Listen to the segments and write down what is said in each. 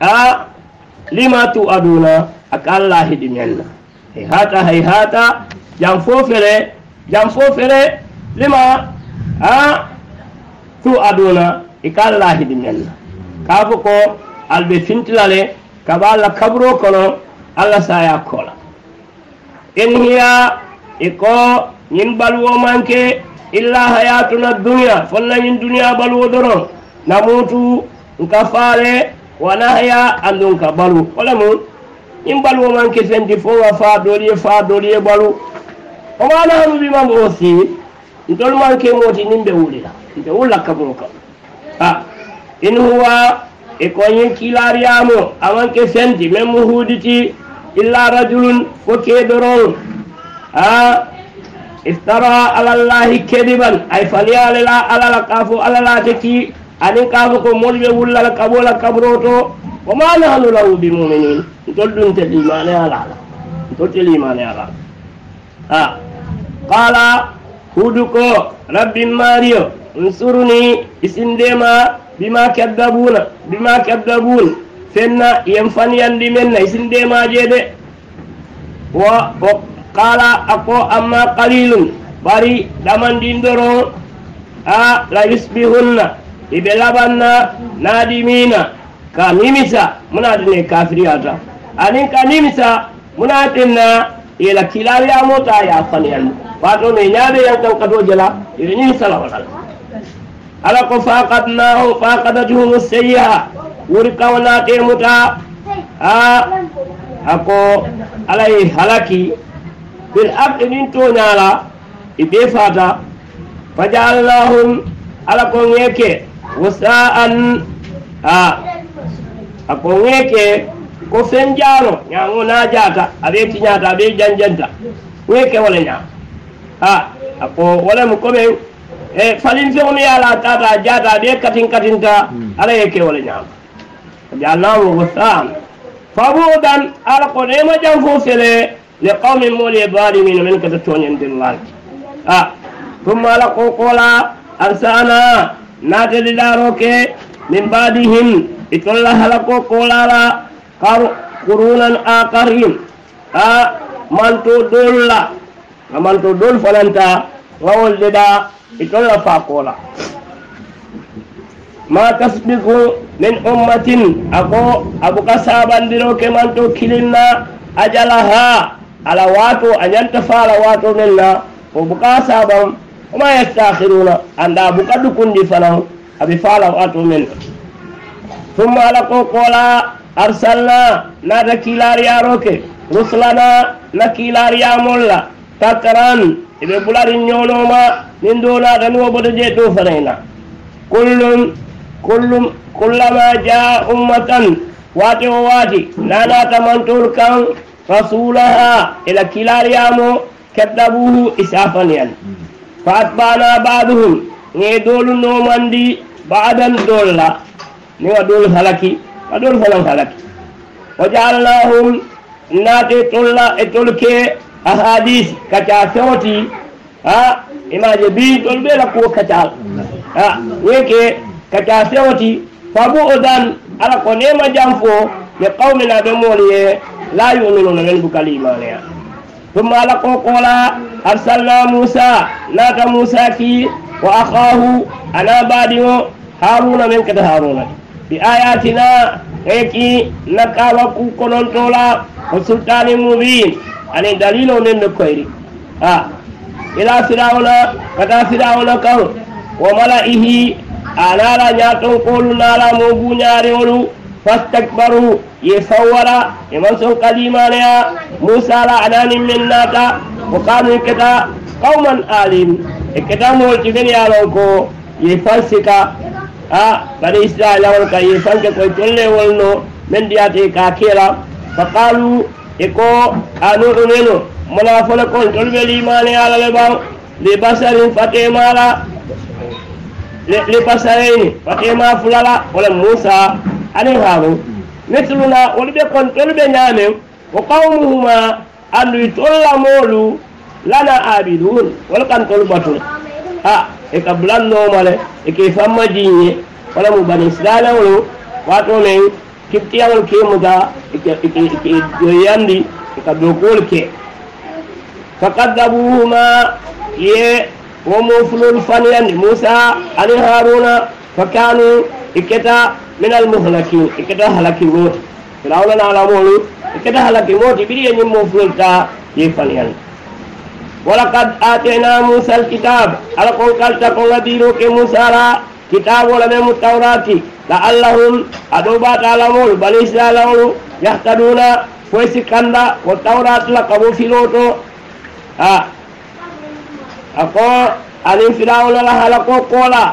a lima tu aduna aka alla heɗi menna hay hata hay hata jam fofere jam fofere lima a tu aduna ika alla heɗi menna ka fo ko alɓe fintilale kaɓa allah kaburo kono allah saya kola en hiya e ko ñin ɓalwo manke illa hayatuna duniya fonna ñin duniya ɓalwo doron namutu nka faare wanahya andun ka balu wala mun in balu man ke sendi fo wa fa doli fa doli balu o ma na hanu bi man o si ndol man ke moti nimbe wulila be wula ka mun ka ha in huwa e ko yin kilariamo aman ke sendi men mu huditi illa rajulun ko ke doron ha iftara ala allahi kediban ay faliya ala ala kafu ala la teki anin kaafu ko moolu ɓe wullala kaɓola kabro to wo ma nahanu lahu bi muminin ntol ɗum tel imane alala ntol tel imane alala a qala hudu ko rabbi mario nsurni isindema bima kaddabuna bima kaddabun fenna yen faniyandi men na isindemaje de wa qala ako amma qalilun bari ɗamandindoro a la yusbihunna i be laban na naa dimiina ka nimisa muna tine kafiriyata aniŋ ka nimisa muna tinna i la kilaliyamo ta ye a wato me ñaabe yan kan kato jela ite ñiŋ salawatala ala ko faqadnahum faqadatuhum sayiha wuri kawanate muta a ako alai halaki bil abdi ɗin toñala i fata fajalahum ala ko ŋe وساء a akonwe ke ko fen jaro nyamu na jata abe tinyata abe janjanta weke wala nya a ako wala mu kobe e falin fe mi ala tata jata abe katin katin ta ala yake wala nya bi allah wa sam fabudan ala ko ne ma jam fu fele li qaumin muli zalimin min ka tatoni indillah a thumma la qola ansana नाटेदारों के निम्बादिहिम इतुल्ला हलको कोलारा قرونا آخرين من تدل من تدل فلنتا وولد إتول فاقولا ما تسبق من أمة أكو أبو كسابا ديرو كمان تو كلنا أجلها على واتو أجلت فعل واتو منا وبقى سابا وما يستاخرون عند أبو قد كن فلهم أبي فعلوا أتوا منه ثم لقوا قولا أرسلنا نادكي لارياروك رسلنا نكي لاريامولا تكران إبه بلاري نيونوما من دونا دنو بدجي توفرينا كل كل كلما جاء أمة واتي واتي نانا تمنتول كان رسولها إلى كلاريامو كذبوه إسعافا يعني فأتبعنا بعضهم ني دول نوماندي بعدا دولا ني ودول هلكي ودول فلان هلكي وجعلناهم ناتي تولا اتولكي أحاديث كتاسوتي ها imaje bi ɗon ɓeela kuwo kacal a weke kaca sewti fabu odan ala ko nema jam fo ne qawmina ɓe moon ye la yuminuna men bukal imaneya ثم لقوا قولا أرسلنا موسى ناك موسى كي وأخاه أنا باديو هارون من كده هارون بآياتنا إيكي نكا وكو كنون تولا وسلطان مبين أني دليل من نكويري آه إلى فرعون كتا فرعون كو وملئه أنا آه، لا نياتون كل نالا موبو نياري فاستكبروا يصورا يمنسون قديما ليا موسى لعنان من ناتا وقالوا كتا قوما آلين كتا موجودين يا لوكو يفسكا آه بني إسرائيل ولكا يفسكا كوي تولي ولنو من دياتي كاكيرا فقالوا إكو قانو عنينو منافل كون تولي ليمان يا لباو لبصر فتيمارا لبسرين فتيما فلالا ولم موسى anin haamu misluna wolu ɓe kon tolu ɓe ñaamen wo qawmuhuma anduy tolla moolu lana abidun wolu kan tolu batula a e ka bulannooma le e ke famma jiñe wala mu bani israilawolu waato men kiptiyaŋol ke muga ke joyandi e ka dokuwol ke fakadabuhuma ye wo mo fulol faniyandi musa ani haruna fakanu iketa من المهلكين إكدا هلك موت فرعون على مولو إكدا هلك موت بري أن يمفل تا يفنيان يعني. ولقد آتينا موسى الكتاب على قول قلت قول ديروك موسى كتاب ولا من لعلهم أدوبات على مول بل إسرائيل يهتدون كويس كندا والتوراة لقبو في لوتو آه أقول أن فرعون لها لقو قولا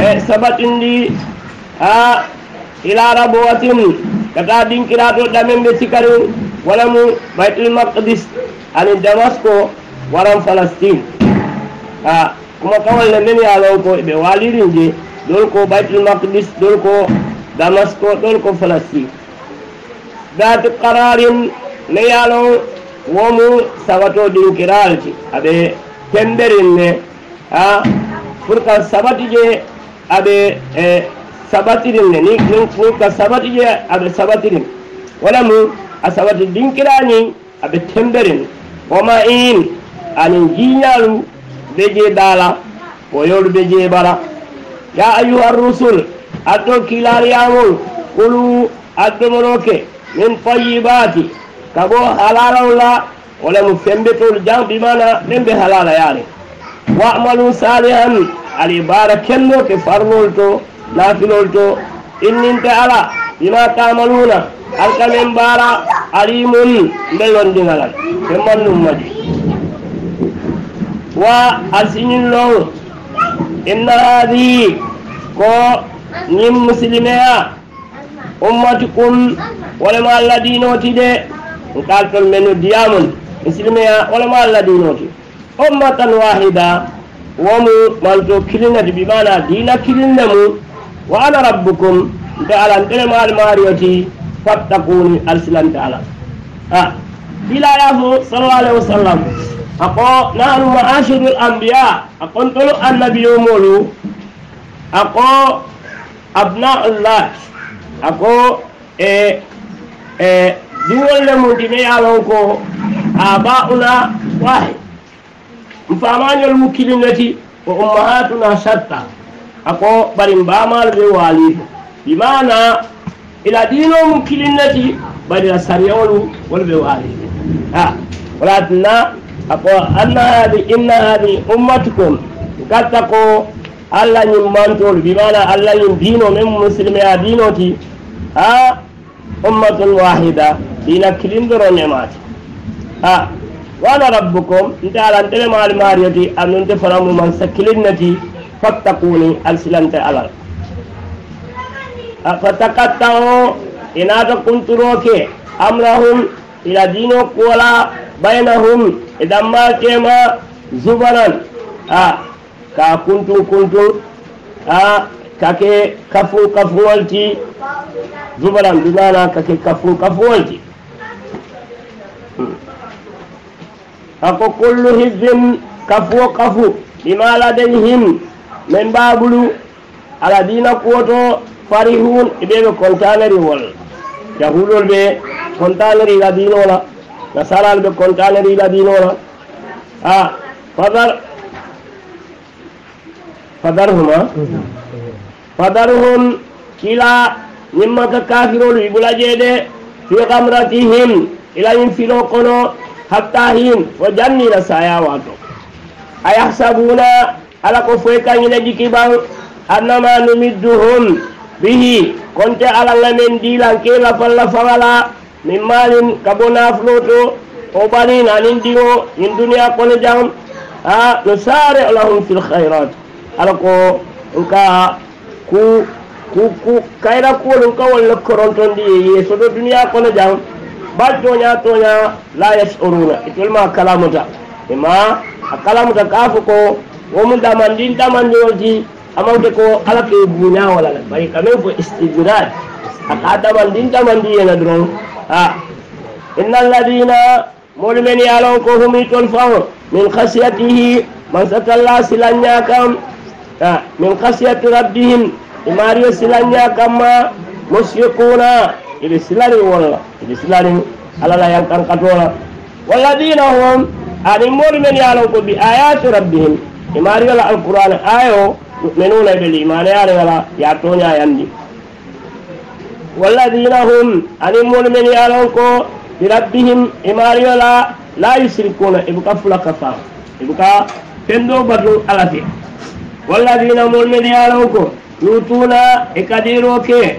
سبتني إلى ربوة كتادين كرات دمين بسكر ولم بيت المقدس عن دمسكو ورم فلسطين كما قول لمن يالوكو بوالدين جي دولكو بيت المقدس دولكو دمسكو دولكو فلسطين ذات قرار نيالو ومو سواتو دين كرالتي أبي تندرين فرقا سبتي جي aɓe e sabatirin ne ni ka sabatije aɓe sabatirin walamu a sabati ɗinkirani aɓe temberin woma in anin jiñalu ɓe je dala o yolu ɓe je bara ya ayuha rusul aɗɗo kilariyamol kulu aɗɗomoroke min tayibati kabo halalawla walamu fembetol jang bimana ɓen ɓe halala yaare wa'malu salihan ali bara kenno ke farlol to lafilol to inninte ala ina tamaluna alkamen bara alimun mbe wondingalal ɓe mannum maji wa asiñin low inna hadihi ko ñin musilimeya ummatukum wolema allah dinoti de nkaltol men no diyamun musilimeya wolema allah dinoti ummatan wahida womu manzo kilinati bi mana dina kilinne mu wa ana rabbukum nte alan tene maal maariyoti fattakuni alsilante ala a dilaya fo sallallahu alaihi wasallam ako nahnu maashiru alambiya akon tolu annabiyomolu ako abnaullah ako e e duwolle mu dime yalon ko abauna wahid mfamani almukilimnati wa ummahatuna shatta ako bari mbamal be walifo bimana ila dino mukilinnati bari la sariyolu wal be walifo ha walatina ako anna hadi inna hadi ummatukum katako ko allah mantol bimana allah ñin dino men muslimeya dino ti ha ummatun wahida dina kilindoro nemati ha وانا ربكم انت على انت مال ماريتي ان انت فرام من سكلنتي فاتقوني السلامت على فتقطعوا ان كنتروك امرهم الى دينو كولا بينهم ادما كما زبرا آه. ka kuntu kuntu a kake kafu kafuwalti zubaran bimana kake kafu kafuwalti فكل حزب كفو كفو بما لديهم من بابلو على دين قوتو فرحون إبيه كونتانري وال يهودول بي كونتانري لدينونا نصارى بي كونتانري لدينونا آه فذر فذرهما فذرهم كلا نمك كافرون يبلا جيدي في غمرتهم إلى ينفلو قنو حتى حين وجني نسايا واتو أيحسبون على كفوكا ينجي أنما نمدهم به كنت على لمن ديلان كيلا فلا فلا من مال كبونا فلوتو وبنين عن انديو من دنيا قول جام آه نسارع لهم في الخيرات على كو ku ku kaira ko lon kawal le koronton di yeso do duniya kono ba tonya tonya la yashuruna itul ma kalamuta ima akalamuta kafu ko wo mun damandin damandiyoti amawde ko ala ke buña wala la bari quand même ko istidraj aka damandin damandi yena doron a inna alladina moolu men ye a lon ko hum itol fawo min hasiyatihi mansatalla silanña kam min hasiyati rabbihim imariyo silanña kamma mushrikuna iɓe silarin wolla iɓe silarin alala yankankatola walladina hum anin moolu men ye lon ko bi ayati rabbihim e maariyola alqur'an ayo yuminuna ɓe limaneyare wala ya toña yandi waladina hum anin moolu men ye lon ko bi rabbihim e maariyola la yusrikuna ibuka fula kafa ibuka fendo batu alate walladina moolu men ye ko yutuna e ke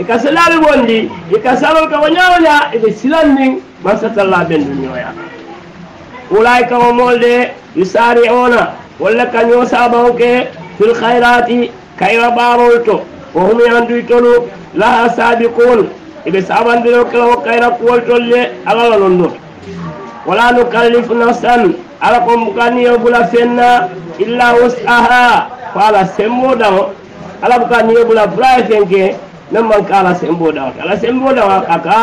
ika silaɓe bondi ika salol ka woñawoña ɓe silan ndin masatalla ɓen du ñoya ulay kamo molde yusari ona walla ka ñosabaw ke fil hayrati kayra ɓarol to wo hum yanduy tolu laha sabiqun eɓe sabandiro kela wo kayra kuwol tolle alala non ɗo wala nukallifu nafsan ala ko bukaniyo bula fenna illa wusaha ko ala semmoɗao ala bukaniyo bula furaye fenke nan man ka ala sembo da waka ala sembo da waka ka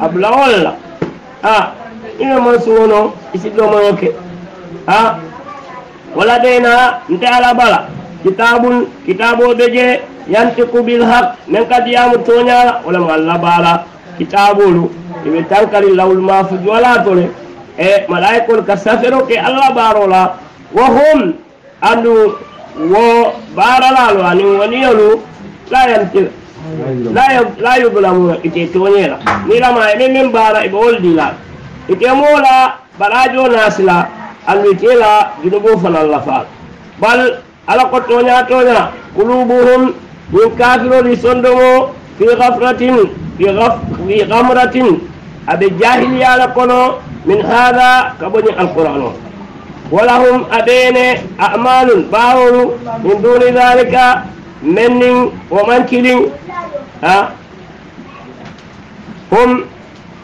abla walla a ina man suno isi do man oke a wala dena nte ala bala kitabun kitabo beje yantiku bil haq nan ka diyamu tonya wala ma alla bala kitabulu ibe tankari lawul mafuz wala tole e malaikul kasafiro ke alla barola wa hum andu wo baralalo ani woniyolu la yantiku la yublamu ite toñela nilama ene men bara iɓe woldila ite mola barajo nasila andu itela junubo fanan lafal bal ala ko toña toña kulubuhum min kafiroli sondomo fi gafratin fi gamratin aɓe jahiliyala kono min hada kaboñi alquran o walahum aɓene amalun bawolu min duni dalika منن ومن كيلين ها هم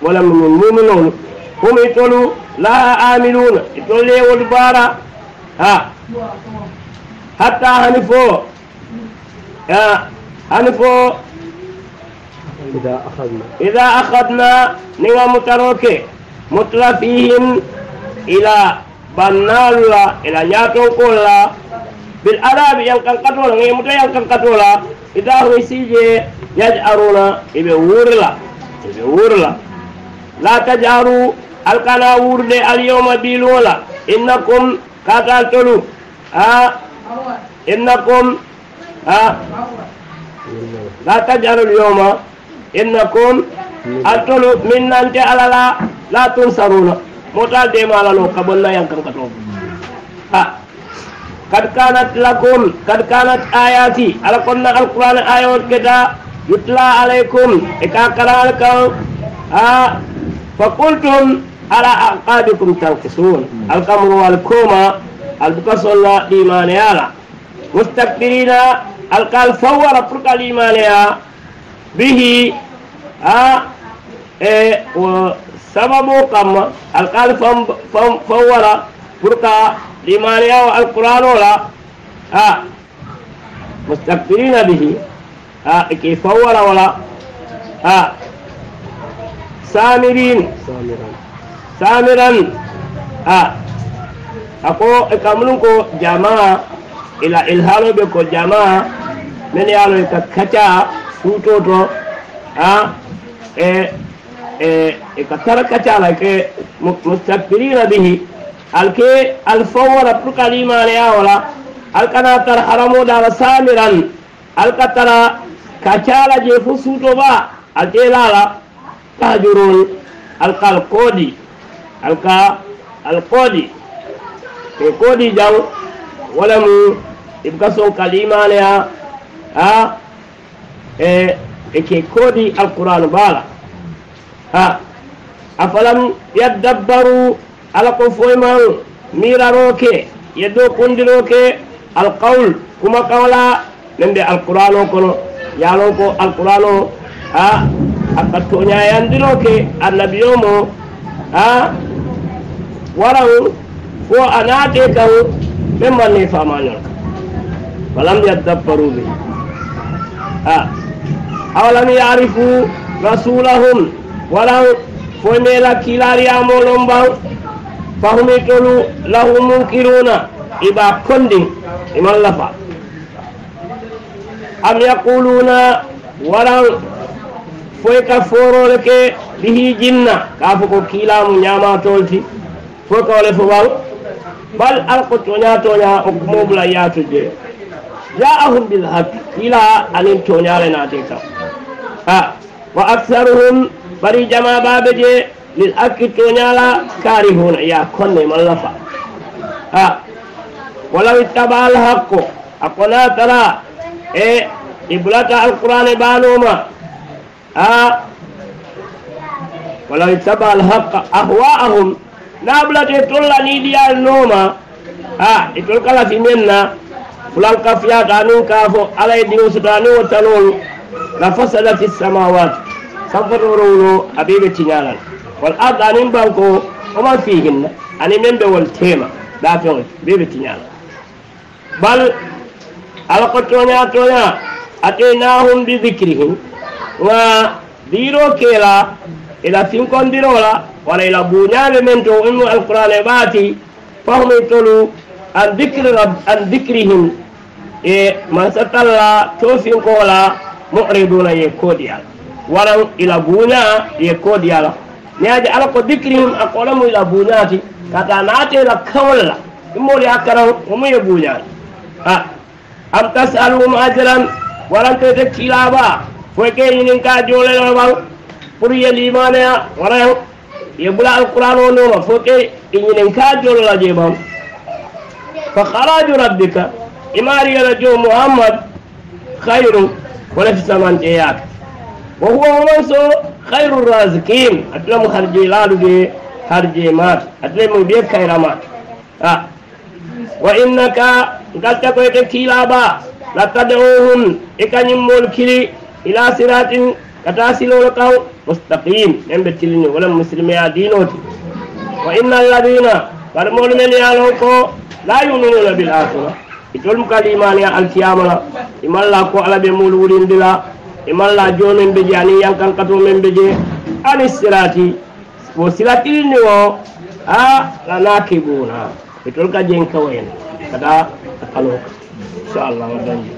ولا من المؤمنون هم يقولوا لا آمنون يقول لي ودبارا ها حتى هنفو ها هنفو إذا أخذنا إذا أخذنا نوى متروكي مترفيهم إلى بنالا إلى ياتو كولا بالعذاب يلقن قتولا يموت يلقن قتولا إذا هو يسيجي يجأرون يبورلا يبورلا لا تجاروا القنا ورد اليوم بيلولا إنكم قتلتلو ها إنكم ها لا تجاروا اليوم إنكم أتلو من أنت على لا لا تنصرون مطال ديما على لو قبلنا ينكم قتلوا ها قد كانت لكم قد كانت آياتي على قلنا القرآن آيات كذا يتلى عليكم إكاكرالكم آه فقلتم على أعقابكم تنقصون القمر والكومة البكس الله إيمان يالا مستكبرين القال فور فرق الإيمان به آه إيه سبب قم القال فور فرق لیمالیا والقران ولا ہاں مستقرین به ہاں کیفور ولا ہاں سامرین سامران سامران ہاں اپو اکملن کو جماع الہللو بک الجماع ملیا لک کھچا کوٹو ڈو ہاں اے اے کچا کچا لکے مو به alke alfawara purkali maneya wala alkana tara haramo daga samiran alka tara je fu sutoba alke lala tahjurun alka alkodi alka alkodi e kodi jaw wala mu ibka son kalimaneya a e eke kodi alquranu bala a afalam yadabbaru alako ko foy man miraro ke yeddo kondiro ke alqawl kuma kawla nande alqur'an o kono yalon ko alqur'an o a aka toñayandiro ke annabiyo mo a waran fo a naate kan men manne famañol awalam yarifu rasulahum waran foy mela kilariyamolon ban فهم كانوا له منكرون إبا كندين إما لفا أم يقولون ولن فويك فورو لك به جنة كافكو كيلا منياما تولتي فوك ولفوال بل ألقتنا تونا أكموب لا ياتجي جاءهم بالحق إلى أن تونا لنا تيكا وأكثرهم بري جما بابجي للأكل تونيالا كارهون يا كوني ملفا ها ولو اتبع الحق أقنا ترى إيه إبلة القرآن بانوما ها ولو اتبع الحق أهواءهم نابلة تطلع نيديا النوما ها يتلقى في منا فلان كفيات أنو كافو على يديو ستانو وتنول لفسدت السماوات سفر ورولو أبيبتي نالان والأرض أنين بانكو وما فيهن أنين من بول تيما لا توني بيبي تنيانا بل ألقى تونيا تونيا أتيناهم بذكرهم وديرو كيلا إلى فينكم ديرولا ولا إلى بنيان من تو القرآن باتي فهم يتلو عن ذكر رب عن ذكرهم إيه من ستلا توفين قولا معرضون يكوديا ولو إلى بنيان يكوديا neaje ala ko dikrihim a kolamu ila buñaati kata naate la kawol la immoolu ye karan omu ye buñaati a am tasaluhum ajran warantoyte kiilaba foy ke ñininka jooleno ɓan pour ye limaneya warayan ye bula alquran o nooma foy ke i ñininka joolola je ɓan fa haraju rabbika imariyala jo muhammad hayrum wala fisamanteyaaka wo huwa homan so خير الرازقين أتلم خرجي لالو دي خرجي مات أتلم بيت خير مات آه. وإنك قد تكويت كيلابا لتدعوهم إكن ملكي إلى صراط كتاسلو لقو مستقيم من بتلني ولا مسلمي دينوتي وإن الذين فرمول من يالوكو لا يؤمنون بالآخرة إتولم كالإيمان يا الكيامة إما الله على بمولورين دلا imalla joomen be je ani yankankato men be je ani sirati wo silatilni wo a ana kibuna itol ka jen kawayen kada akaloka inchallah wadanji